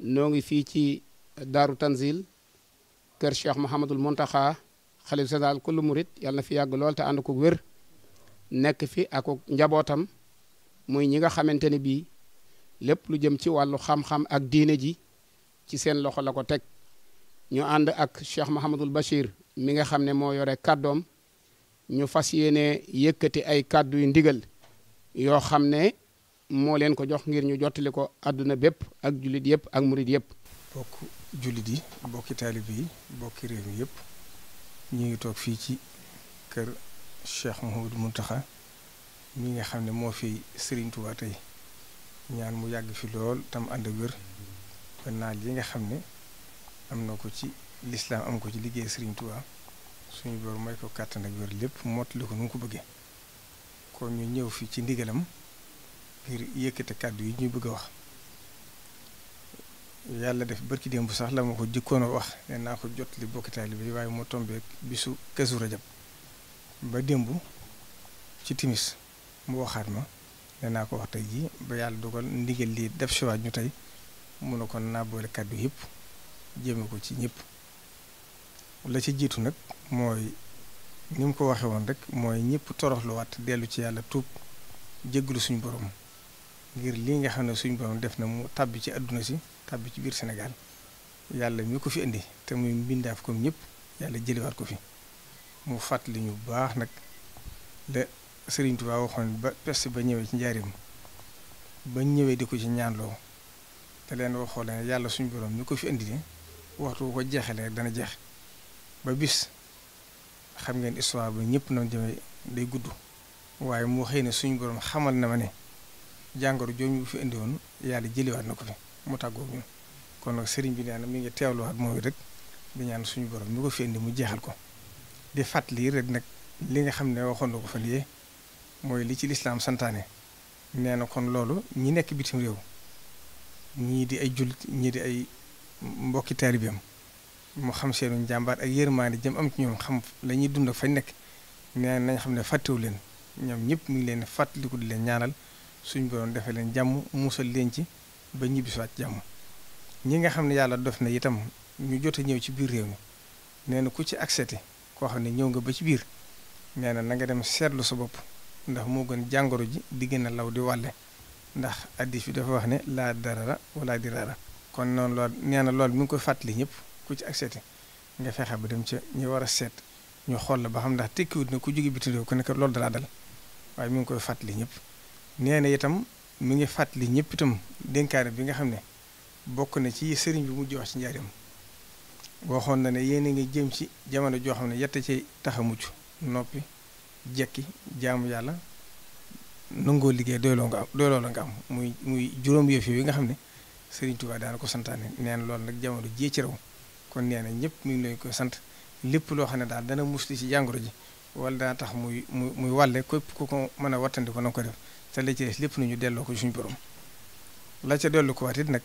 noo ngi fii ci daaru tanzil kër cheikh mouhamadul montaxa xalif général kullu murit yàlla na fi yàgg lool te ànd ko wér nekk fi ak njabootam muy ñi nga xamante ni bii lépp lu jëm ci wàllu xam-xam ak diine ji ci seen loxo la ko teg ñu ànd ak cheikh mahamadul bachir mi nga xam ne moo yore kàddoom ñu fas yéene yëkkati ay kàddu yu ndigal yoo xam ne moo leen ko jox ngir ñu jottali ko àdduna bépp ak jullit yëpp ak murit yëpp. bokk jullit yi bokki taalibe yi bokki réew mi yëpp ñu ngi toog fii ci kër du Mouhamadou taxa mi nga xam ne moo fi Serigne tey ñaan mu yàgg fi lool tam ànd ak wér ba naaj yi nga xam ne am na ko ci lislaam am ko ci liggéey Serigne suñu borom may ko kàttan ak wér lépp mottali ko nu mu ko bëggee kon ñu ñëw fii ci ndigalam. ngir yëkkate kàddu yi ñuy bëgg a wax yàlla def barki démb sax la ma ko jëkkoon a wax ne naa ko jot li bokki taalibe bi waaye moo tombeek bisu Kazu Rajab ba démb ci timis mu waxaat ma ne naa ko wax tey jii ba yàlla dugal ndigal lii def siwaat ñu tey mun na ko naa boole kàddu yëpp jéeme ko ci ñëpp la ci jiitu nag mooy ni mu ko waxee woon rek mooy ñëpp toroxluwaat dellu ci yàlla tuub jégglu suñu borom ngir lii nga xam ne suñ borom def na mu tàbbi ci àdduna si tàbbi ci biir Sénégal yàlla mi ko fi indi te muy mbindaaf comme ñëpp yàlla jëliwaat ko fi mu fàttali ñu baax nag la Sëriñ Tuubaa waxoon ba peste ba ñëwee ci njaarim ba ñëwee di ko ci ñaanloo te leen waxoo leen yàlla suñ boroom mi ko fi indi ni waxtu ko jeexalee dana jeex ba bis xam ngeen histoire ba ñëpp na jëme day gudd waaye moo xëy ne suñu borom xamal na ma ne jàngoro jooju fi indi woon yàlla jëliwaat na ko fi mu tàggoo ñun kon nag sëriñ bi nee na mi ngi teewluwaat mooy rek di ñaan suñu borom mi ko mu jeexal ko di fàttali rek nag li nga xam ne waxoon na ko fa lii mooy li ci lislaam santaane nee na kon loolu ñi nekk bitim réew ñii di ay jullit ñii di ay mbokki taalibeem mu xam seenu jàmbaar ak yërmaande jëm am ci ñoom xam la ñuy dund ak fañ nekk nee nañ xam ne fàttewu leen ñoom ñëpp mu ngi leen fàttaliku di leen ñaanal suñ doon defee leen jàmm musal leen ci ba ñibbisiwaat jàmm ñi nga xam ne yàlla def na itam ñu jot ñëw ci biir réew mi nee na ku ci accepté koo xam ne ñëw nga ba ci biir nee na na nga dem seetlu sa bopp ndax moo gën jàngoro ji di gën a law di wàlle ndax addis bi dafa wax ne laa dara darara wala dirara kon noonu lool nee na loolu mu ngi koy fàttali ñëpp ku ci accepté nga fexe ba dem ca ñu war a seet ñu xool la ba xam ndax tekkiwut na ku jóge bitim réew ku nekk loolu dalaa dal waaye mu ngi koy fàttali ñëpp nee na itam mu ngi fàttali ñëpp itam dénkaane bi nga xam ne bokk na ci sëriñ bi mu wax ci njaaram waxoon na ne yéen a ngi jëm ci jamono joo xam ne yett ci tax a mucc noppi jekki jaamu yàlla nangoo liggéey doyloo nga am doyloo la nga am muy muy juróom yëf yi nga xam ne sëriñ Tuubaa daana ko santaane neen lool nag jamono jii ci raw kon nee na ñëpp mi ngi leen koy sant lépp loo xam ne daal dana musli ci jàngoro ji wala dana tax muy muy muy wàlle képp ku ko mën a wattandiku na ko def te la ci des lépp nañu delloo ko suñu borom la ca dellu ko waat nag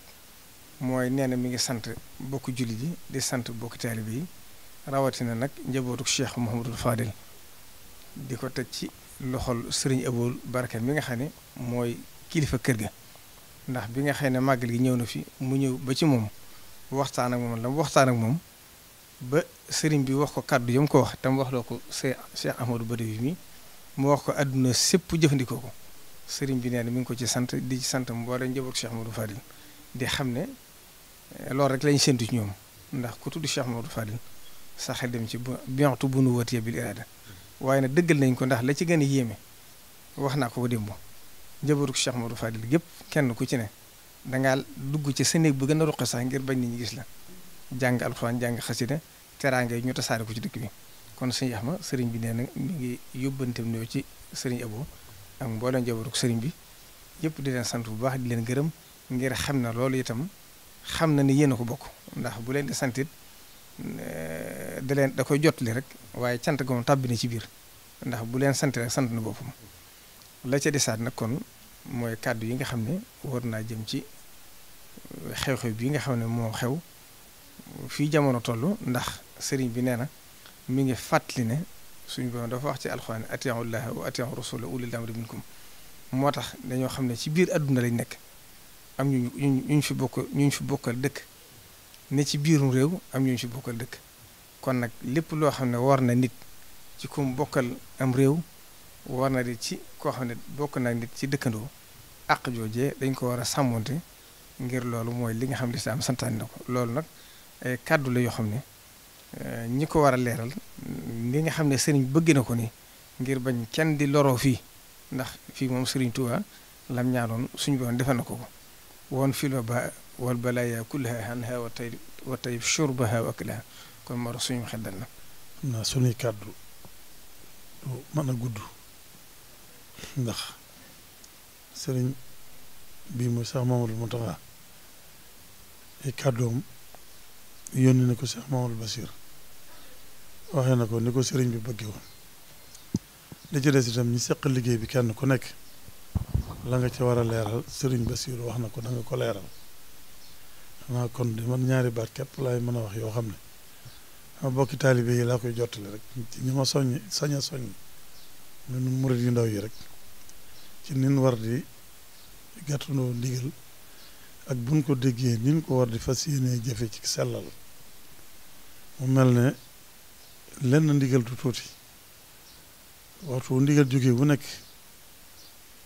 mooy nee na mi ngi sant bokku jullit yi di sant bokku taalibe yi rawatina nag njabootu Cheikh Mouhamadul Fadel di ko teg ci loxol sëriñ Aboul Barka mi nga xam ne mooy kilifa kër ga ndax bi nga xam ne màggal gi ñëw na fi mu ñëw ba ci moom waxtaan ak moom la mu waxtaan ak moom ba sëriñ bi wax ko kàddu mu ko wax mu wax loo ko Cheikh Ahmadou bari mi mu wax ko àdduna sépp jëfandikoo ko sëriñ bi nee na mi ngi ko ci sant di ci sant mboolem njaboot Cheikh Modou Fadil di xam ne eh, loolu rek lañ séntu ci ñoom ndax ku tudd Cheikh Modou dem ci bientu bu nu wëtee waaye nag dëggal nañ ko ndax la ci gën a yéeme wax naa ko ba démb njabootu Cheikh Modou Fadil gépp kenn ku ci ne dangaa dugg ci sa néeg bu gën ngir bañ nit ñi gis la jàng alxuraan jàng xasida teraanga yi ñu tasaare ko ci dëkk bi kon sëñ Axma sëriñ bi nee na mi ngi yóbbanteem ñëw ci sëriñ Abo ak mboolem njabootu sëriñ bi yëpp di leen sant bu baax di leen gërëm ngir xam na loolu itam xam na ni yéen a ko bokk ndax bu leen di santit eh, da leen da koy jotali rek waaye cant ga moom ci biir ndax bu leen sant rek sant na boppam la ca desaat nag kon mooy kàddu yi nga xam ne war naa jëm ci xew-xew bii nga xam ne moo xew fii jamono toll ndax sëriñ bi nee na mu ngi fàttali ne suñu borom dafa wax ci alxuraan atiiu llaha wa atiiu rasula ulil amri minkum moo tax dañoo xam ne ci biir àdduna lañ nekk am ñu ñu ñu fi bokk ñu fi bokkal dëkk ne ci biirum réew am ñu fi bokkal dëkk kon nag lépp loo xam ne war na nit ci ku bokkal am réew war na di ci koo xam ne bokk naa nit ci dëkkandoo àq joojee dañ ko war a sàmmonte ngir loolu mooy li nga xam ne lislaam santaane na ko loolu nag ay kàddu la yoo xam ne. Euh, ñi ko war a leeral li nga xam ne sëriñ bëgg na ko ni ngir bañ kenn di loroo fii ndax fii moom sëriñ Tuubaa lam ñaanoon suñu borom defe na ko ko woon fii la ba wal balaaya kullaha anha wa tay wa tay shurbaha wa akalaha kon moo tax suñu xeddal na naa suñuy kàddu du mën a gudd ndax sëriñ bii mooy Cheikh Mamadou Mountakha ay kàddoom yónni na ko Cheikh Mamadou Bachir waxee na ko ni ko sëriñ bi bëggee woon li ci des itam ñi seq liggéey bi kenn ku nekk la nga ci war a leeral sëriñ ba Basiiru wax na ko da ko leeral xanaa kon di man ñaari baat képp laay mën a wax yoo xam ne ma bokki taalibe yi laa koy jottale rek ci ñi ma soññ sañ soññ ñun murit yu ndaw yi rek ci nin war di gàttandoo ndigal ak buñ ko déggee nin ko war di fa yéenee jëfe ci sellal mu mel ne lenn ndigal du tuuti waxtu ndigal jógee bu nekk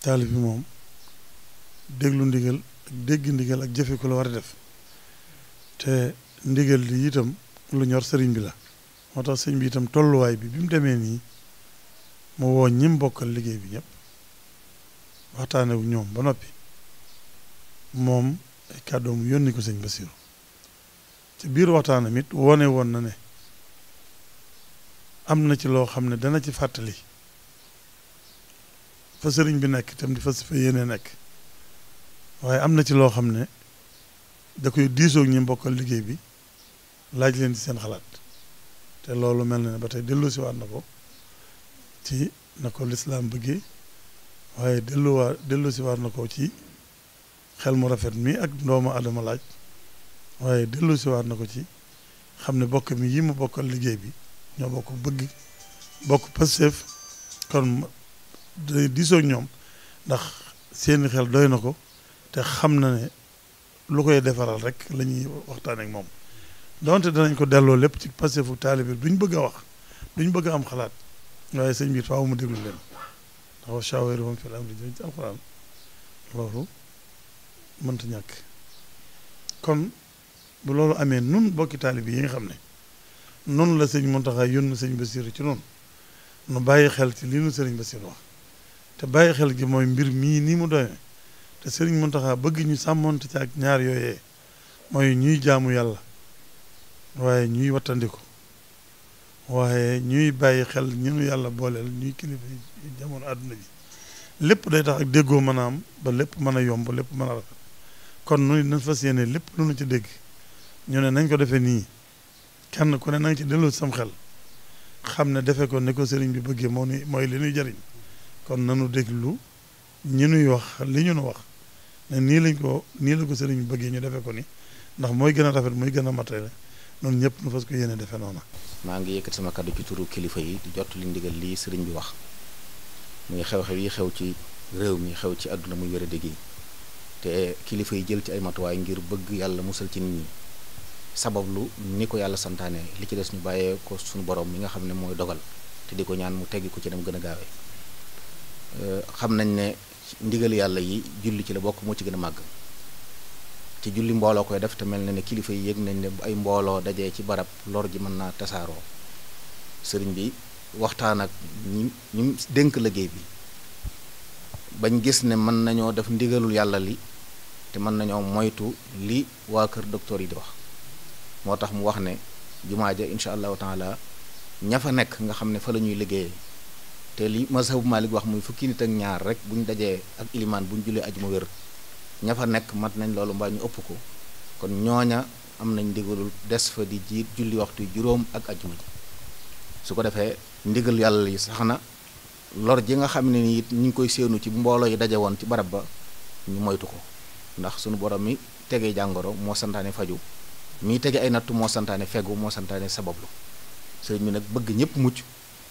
taalib bi moom déglu ndigal ak dégg ndigal ak jëfe ku la war a def te ndigal li itam lu ñor sëriñ bi la moo tax sëriñ bi itam tolluwaay bi bi mu demee nii mu woo ñim bokkal liggéey bi ñépp waxtaane wu ñoom ba noppi moom ay kàddoom yónni ko sëñ Basiru ci biir waxtaanam it wone woon na ne am na ci loo xam ne dana ci fàttali fa sëriñ bi nekk itam di fa si fa yéene nekk waaye am na ci loo xam ne da koy diisoog ñi mbokkal liggéey bi laaj leen ci seen xalaat te loolu mel na ne ba tey delloosiwaat na ko ci na ko lislaam waaye delluwaa delloosiwaat na ko ci xel mu rafet mi ak doomu aadama laaj waaye delloosiwaat na ko ci xam ne bokk mi yi mu bokkal liggéey bi ñoo bokk bëgg bokk Pastef kon diisoo ñoom ndax seeni xel doy na ko te xam na ne lu koy defaral rek la ñuy waxtaan ak moom doonte danañ ko delloo lépp ci Pastefu taalibe duñ bëgg a wax duñ bëgg a am xalaat waaye sëñ bi faaw mu déglu leen ndax wa shaawirhum fil amri ci alquran loolu mënta ñàkk kon bu loolu amee nun bokki taalibe yi nga xam ne noonu la sëñ Muntaxa yónn sëñ Basiru ci noonu nu bàyyi xel ci lii nu sëriñ Basiru wax te bàyyi xel gi mooy mbir mii nii mu doyee te sëriñ Muntaxa bëgg ñu sàmmonte ci ak ñaar yooyee mooy ñuy jaamu yàlla waaye ñuy wattandiku waaye ñuy bàyyi xel ñunu yàlla booleel ñuy kilifa jamono àdduna ji lépp day tax ak déggoo mën a am ba lépp mën a yomb lépp mën a rafet kon nu nañ fas lépp lu nu ci dégg ñoo ne nañ ko defee nii kenn ku ne na ci delloo sam xel xam ne defe ko ne ko sëriñ bi bëggee moo nu mooy li ñuy jariñ kon nanu déglu ñu nuy wax li ñu nu wax ne nii lañ ko nii la ko sëriñ bi bëggee ñu defe ko ni ndax mooy gën a rafet mooy gën a matale noonu ñëpp nu fas ko yéene defe noona maa ngi yëkkat sama kàddu ci turu kilifa yi di jot li ndigal lii sëriñ bi wax muy xew-xew yi xew ci réew mi xew ci àdduna muy wér a dégg te kilifa yi jël ci ay matuwaay ngir bëgg yàlla musal ci nit sabablu ni ko yàlla santaane li ci des ñu bàyyee ko suñu borom mi nga xam ne mooy dogal te di ko ñaan mu teggi ko ci dem gën a gaawee euh, xam nañ ne ndigal yàlla yi julli ci la bokk moo ci gën a màgg ci julli mbooloo koy def te mel na ne kilifa yi yëg nañ ne ay mbooloo dajee ci barab lor ji mën naa tasaaroo sëriñ bi waxtaan ak ñi ñi dénk liggéey bi bañ gis ne mën nañoo def ndigalul yàlla li te mën nañoo moytu li waa kër docteur yi di wax moo tax mu wax ne jumaa ja incha allahu taala ña fa nekk nga xam ne fa la ñuy liggéeyee te li mazhabu Malik wax muy fukki nit ak ñaar rek buñ dajee ak ilimaan bu ñu julee aju ma wér ña fa nekk mat nañ loolu mbaa ñu ëpp ko kon ñooña am nañ ndigalul des fa di jiit julli waxtu juróom ak ajuma ji su ko defee ndigal yàlla yi sax na lor ji nga xam ne ni it ñu ngi koy séenu ci mbooloo yi daje woon ci barab ba ñu moytu ko ndax sunu borom mi tegee jàngoro moo santaane faju mii tege ay nattu moo santaane fegu moo santaane sabablu sëriñ bi nag bëgg ñëpp mucc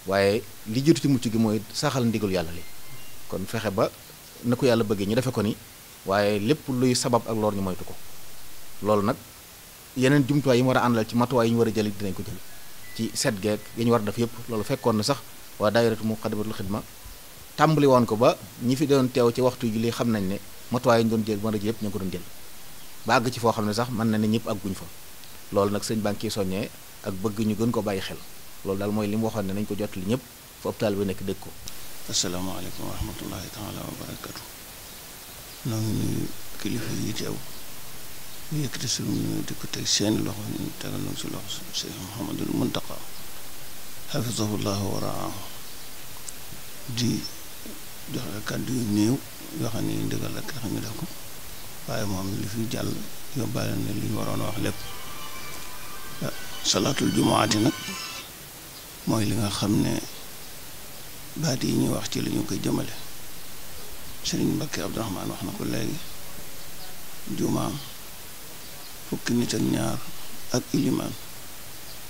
waaye li jiitu ci mucc gi mooy saxal ndigal yàlla li kon fexe ba na ko yàlla bëggee ñu defe ko ni waaye lépp luy sabab ak lor ñu moytu ko loolu nag yeneen jumtuwaay yi mu war a àndal ci matuwaay yi ñu war a jëli dinañ ko jël ci set geek yi ñu war a def yëpp loolu fekkoon na sax waa daayiratu muqaddamatul xidma tàmbali woon ko ba ñi fi doon teew ci waxtu julli xam nañ ne matuwaay yi ñu doon jël ko doon jël bàgg ci foo xam ne sax mën na ne ñëpp àgguñ fa loolu nag sëñ banque yi soññee ak bëgg ñu gën ko bàyyi xel loolu daal mooy li mu waxoon ne nañ ko jot li ñëpp fa hôpital bi nekk dëkk ko asalaamaaleykum wa rahmatullahi taala wa yi teew ñu yëkkati suñu di loxo ñu si loxo Seex Muhammadul Muntaqa xafisahullahu wa raahu di joxe kàddu yu néew yoo xam ne ak yoo xam ne def ko waaye moom li fi jàll yóbbaale na li waroon a wax lépp salaatul jumaati nag mooy li nga xam ne baat yi ñuy wax ci la ñu koy jëmale sëriñ Mbakke Abdurahmaan wax na ko léegi jumaam fukki nit ak ñaar ak ilimaan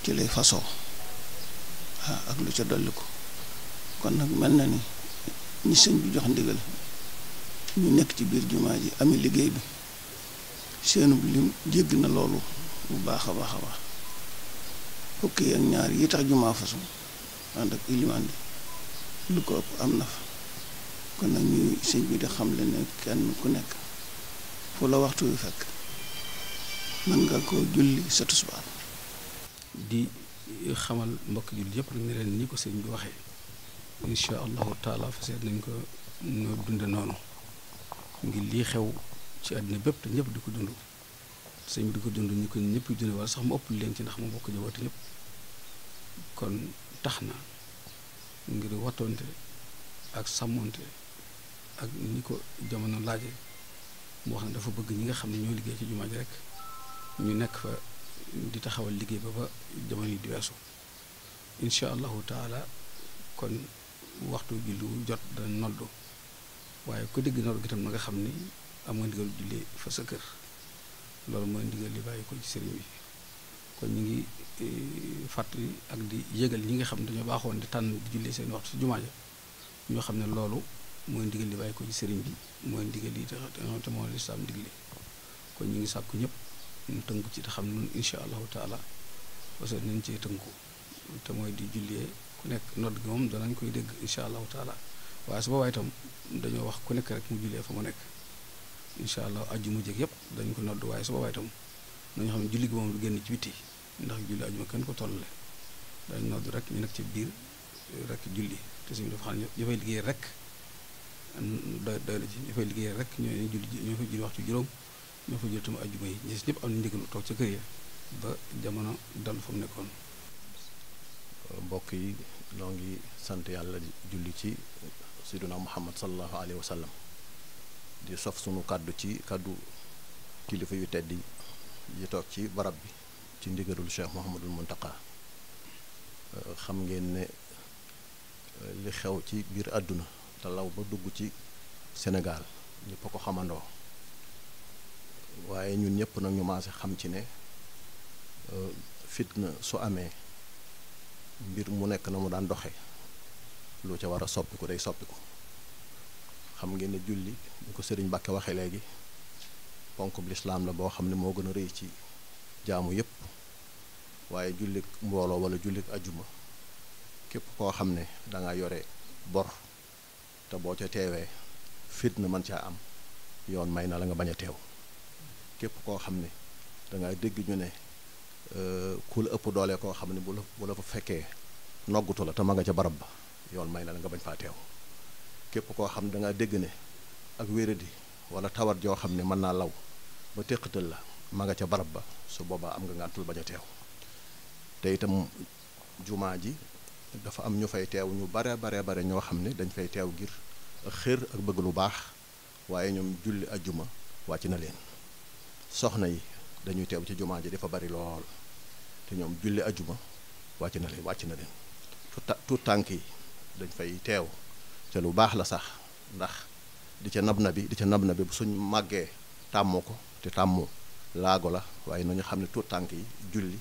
ci lay fasoo ak lu ca dolli ko kon nag mel na ni ñi sëñ bi jox ndigal ñu nekk ci biir jumaa ji amee liggéey bi seenu bi lim jégg na loolu bu baax a baax a baax fukki ak ñaar yi tax jumaa fasu ànd ak ilimaan lu ko ëpp am na fa kon nag ñuy sëñ bi di ne kenn ku nekk la waxtu fekk mën nga ko julli sa tusbaar di xamal mbokk julli yëpp rek ne leen ni ko sëñ bi waxee incha allahu taala fas nañ ko noo dunde noonu ngir lii xew ci àddina bépp te ñëpp di ko dund sëñ bi di ko dund ñu ko ñëpp dund wala sax mu ëpp leen ci ndax mu bokk jaboote ñëpp kon tax na ngir wattoonte ak sàmmoonte ak ni ko jamono laaje mu wax ne dafa bëgg ñi nga xam ne ñoo liggéey ci jumaa ji rek ñu nekk fa di taxawal liggéey ba ba jamono yi di weesu incha allahu taala kon waxtu julli jot dana noddu waaye ku dégg noor gi tam na nga xam ni am nga ndigal jullee fa sa kër loolu mooy ndigal li bàyyi ci sëriñ bi kon ñu ngi eh, fàttali ak di yëgal ñi nga xam dañoo baaxoon di tànn di jullee seen waxtu si jumaa ñoo xam ne loolu mooy ndigal li bàyyi ko ci sëriñ bi mooy ndigal li te moo lislaam digle kon ñu ngi sàkk ñëpp ñu tënku ci te xam noonu incha allahu taala parce que ñu ngi cee tënku te mooy di jullee ku nekk nodd gi moom danañ koy dégg incha allahu taala waaye su boobaa itam dañoo wax ku nekk rek mu jullee fa mu nekk incha allah ajjuma jëkk yëpp dañ ko noddu waaye su boobaa itam nañu xam ne julli gi moom du génn ci biti ndax julli ajjuma kenn ko tollale dañ nodd rek ñu nekk ci biir rek julli te suñu dafa xam ne liggéey rek doy doy na ci ñu liggéey rek ñooy julli ñoo fay julli waxtu juróom ñoo fay julli tam ajjuma yi ñis am na ndigalu toog ca kër ya ba jamono dal fa mu nekkoon mbokk yi noo ngi sant yàlla julli ci sayyiduna muhammad sallallahu alayhi wa sallam di sof sunu kàddu ci kàddu kilifa yu tedd yi toog ci barab bi ci ndigalul cheikh muhammadul muntaka euh, xam ngeen ne euh, li xew ci biir àdduna te law ba dugg ci Sénégal ñëpp a ko xamandoo waaye ñun ñëpp nag ñu maase xam ci ne euh, fitna su amee mbir mu nekk na mu daan doxee lu ca war a soppiku day soppiku xam ngeen ne julli ñu ko sëriñ Mbàkke waxe léegi ponkub lislaam la boo xam ne moo gën a rëy ci jaamu yépp waaye jullik mbooloo wala jullik ajuma képp koo xam ne danga yore bor te boo ca teewee fit na mën caa am yoon may na la nga bañ a teew képp koo xam ne dangay dégg ñu ne euh, ku la ëpp doole koo xam ne bu la bu la fa fekkee noggutu la te ma nga ca barab ba yoon may na la nga bañ faa teew képp koo xam da ngaa dégg ne ak wéradi wala tawat joo xam ne mën naa law ba téqatal la ma nga ca barab ba su boobaa am nga ngàntul bañ a teew te itam jumaa ji dafa am ñu fay teew ñu bare bare bare ñoo xam ne dañ fay teew ngir ak xër ak bëgg lu baax waaye ñoom julli ajjuma wàcc na leen soxna yi dañuy teew ci jumaa ji dafa bari lool te ñoom julli ajjuma wàcc na leen wàcc na leen tout tànk yi dañ fay teew te lu baax la sax ndax di ca nab na bi di ca nab na bi bu suñ màggee tàmmoo ko te tàmmoo laago la waaye nañu xam ne tuut tànk yi julli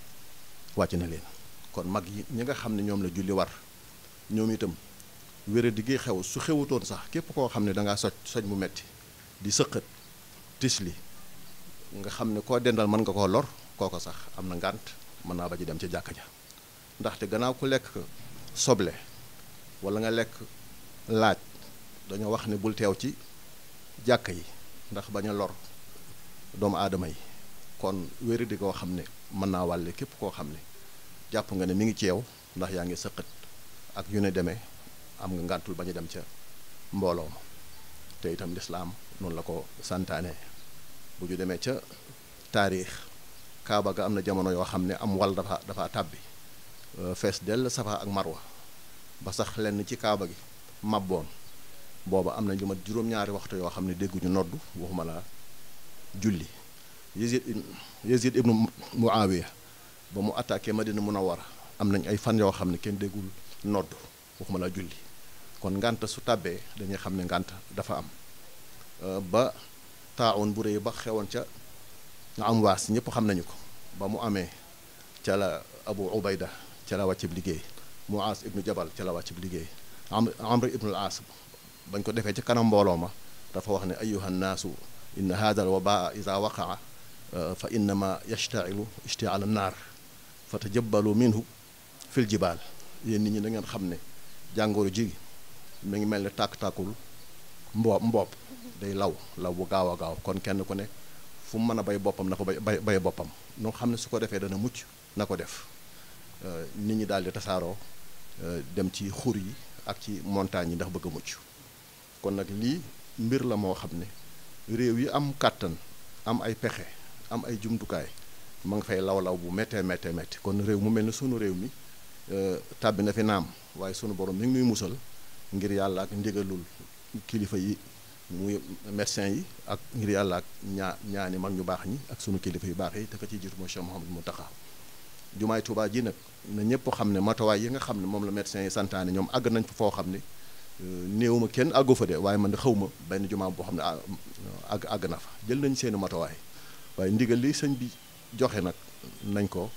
wàcc na leen kon mag yi ñi nga xam ne ñoom la julli war ñoom itam wéradi gi xew su xewutoon sax képp koo xam ne da soj soj mu metti di sëqat tisli nga xam ne koo dendal mën nga koo lor kooko sax am na ngànt mën naa ba ji dem ca jàkka ja ndaxte gannaaw ku lekk soble wala nga lekk laaj dañoo wax ne bul teew ci jàkk yi ndax bañ a lor doomu aadama yi kon wéri di koo xam ne mën naa wàlle képp koo xam ne jàpp nga ne mi ngi ci yow ndax yaa ngi sëqat ak yu ne demee am nga ngàntul bañ a dem ca mbooloo ma te itam lislaam noonu la ko santaane bu ñu demee ca taarix kaaba ga am na jamono yoo xam ne am wal dafa dafa tàbbi fees dell safa ak marwa ba sax lenn ci kaaba gi mabboon booba am nañ lu mat juróom-ñaari waxtu yoo xam ne dégguñu noddu waxuma la julli Yazid Yazid ibnu Muawiya ba mu ma attaqué a Munawara am nañ ay fan yoo xam ne kenn déggul noddu waxuma la julli kon ngànt su tàbbee dañuy xam ne ngànt dafa am euh, ba taawoon bu rëy ba xewoon ca am waas ñëpp xam nañu ko ba mu amee ca la Abu Ubayda ca la wàcceb liggéey Muaas ibnu Jabal ca la wàcc bi liggéey am Amr ibnul Aas bañ ko defee ci kanam mbooloo ma dafa wax ne ayyuha nnaasu inna haada al wabaa ida waqaa fa innama yashtailu ishtiaala naar fa tajabbalu minhu fil jibaal yéen nit ñi dangeen xam ne jàngooru ji mu ngi mel ne tàkk-tàkkul mboob mboob day law law bu gaaw a gaaw kon kenn ku ne fu mën a bay boppam na ko bay bay boppam noo xam ne su ko defee dana mucc na ko def nit ñi daal di tasaaroo Euh, dem ci xur yi ak ci montagne yi ndax bëgg a mucc kon nag lii mbir la moo xam ne réew yi am kàttan am ay pexe am ay jumtukaay ma ngi fay law-law bu méttee méttee métti kon réew mu mel ne sunu réew mi euh, tàbbi na fi naam waaye sunu borom mi ngi muy musal ngir yàlla ak ndigalul kilifa yi muy médecin yi ak ngir yàlla ak ñaa ñaani mag ñu baax ñi ak sunu kilifa yu baax yi te ka ciy jiitu mooy Cheikh mu Mountakha jumaay Touba ji nag na ñëpp xam ne matuwaay yi nga xam ne moom la médecin yi santaane ñoom àgg nañ fa foo xam ne euh, néew ma kenn àggu fa de waaye man de xaw ma benn jumaa boo xam ne ah, àgg àgg na fa jël nañ seeni matowaay waaye ndigal li sëñ bi joxe nag nañ ko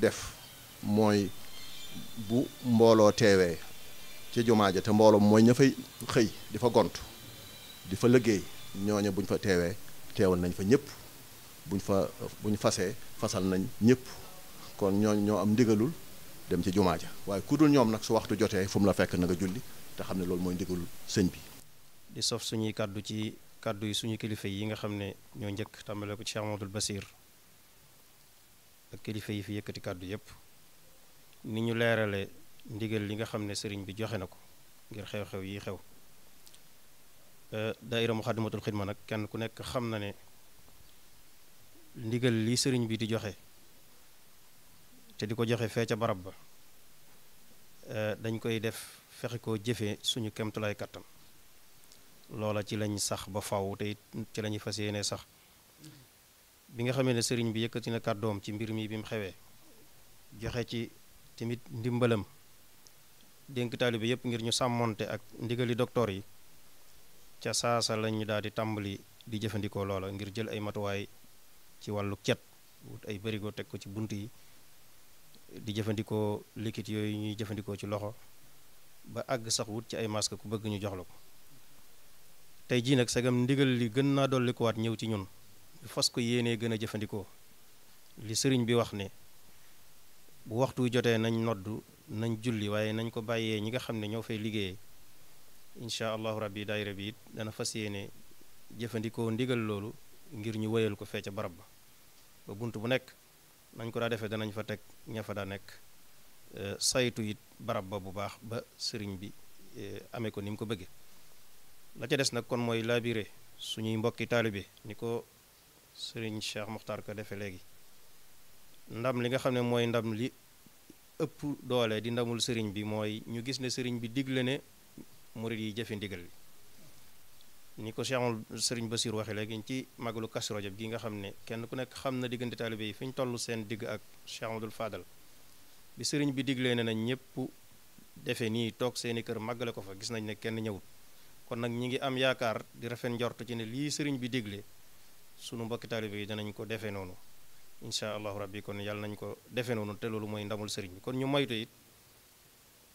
def mooy bu mbooloo teewee ci jumaa ja te mbooloo mooy ña fay xëy di fa gont di fa liggéey ñooña buñ fa teewee teewal nañ fa ñëpp buñ fa buñ fasee fasal nañ ñëpp kon ñoo ñoo am ndigalul dem ci jumaa ja waaye ku dul ñoom nag su waxtu jotee fu mu la fekk nag a julli te xam ne loolu mooy ndigalul sëñ bi di sof suñuy kàddu ci kàddu yi suñu kilifa yi nga xam ne ñoo njëkk tàmbale ko ci Cheikh Amadou Basir ak kilifa yi fi yëkkati kàddu yépp ni ñu leerale ndigal li nga xam ne sëriñ bi joxe na ko ngir xew-xew yi xew daaira Muxaddamatul Xidma nag kenn ku nekk xam na ne ndigal li sëriñ bi di joxe te di ko joxe fee ca barab ba eh, dañ koy def fexe ko jëfe suñu kemtulaay kattan loola ci lañ sax ba faw te ci lañuy fas yéene sax bi nga xamee ne sëriñ bi yëkkati na kàddoom ci mbir mi bi mu xewee joxe ci timit ndimbalam dénk taalibe yëpp ngir ñu sàmmoonte ak ndigali docteur yi ca saasa lañu daal di tàmbali di jëfandikoo loola ngir jël ay matuwaay ci wàllu cet wut ay bërigo teg ko ci bunt yi di jëfandikoo liquide yooyu ñuy jëfandikoo ci loxo ba àgg sax wut ci ay masque ku bëgg ñu jox la ko tey jii nag sagam ndigal li gën naa dollikuwaat ñëw ci ñun fas ko yéenee gën a jëfandikoo li sëriñ bi wax ne bu waxtu jotee nañ noddu nañ julli waaye nañ ko bàyyee ñi nga xam ne ñoo fay liggéeyee incha allahu rabbi daayira bi it dana fas yéene jëfandikoo ndigal loolu ngir ñu wéyal ko fee ca barab ba ba bunt bu nekk nañ ko daa defee danañ fa teg ña fa daa nekk eh, saytu it barab ba bu baax ba sëriñ bi eh, amee ko ni mu ko bëggee la ca des nag kon mooy labiré suñuy mbokki taalibe ni ko sëriñ Cheikh Mokhtar ko defee léegi ndam li nga xam ne mooy ndam li ëpp doole di ndamul sëriñ bi mooy ñu gis ne sëriñ bi digle ne murit yi jëfe ndigal ni ko Cheikh Sëriñ Basiir waxee léegi ci màggalu Kazu Rajab gi nga xam ne kenn ku nekk xam na diggante taalibe yi fi ñu toll seen digg ak Cheikh Amadul Fadal bi sëriñ bi diglee ne nañ ñëpp defee nii toog seeni kër màggale ko fa gis nañ ne kenn ñëwut kon nag ñi ngi am yaakaar di rafet njort ci ne lii sëriñ bi diglee sunu mbokki taalibe yi danañ ko defee noonu incha allahu rabbi kon yàlla nañ ko defee noonu te loolu mooy ndamul sëriñ bi kon ñu moytu it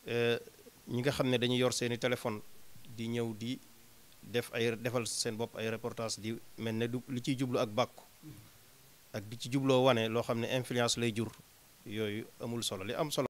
eh, ñi nga xam ne dañuy yor seeni téléphone di ñëw di def ay defal seen bopp ay reportage di mel na du li ciy jublu ak bàkku ak di ci jubloo wane loo xam ne influence lay jur yooyu amul solo li am solo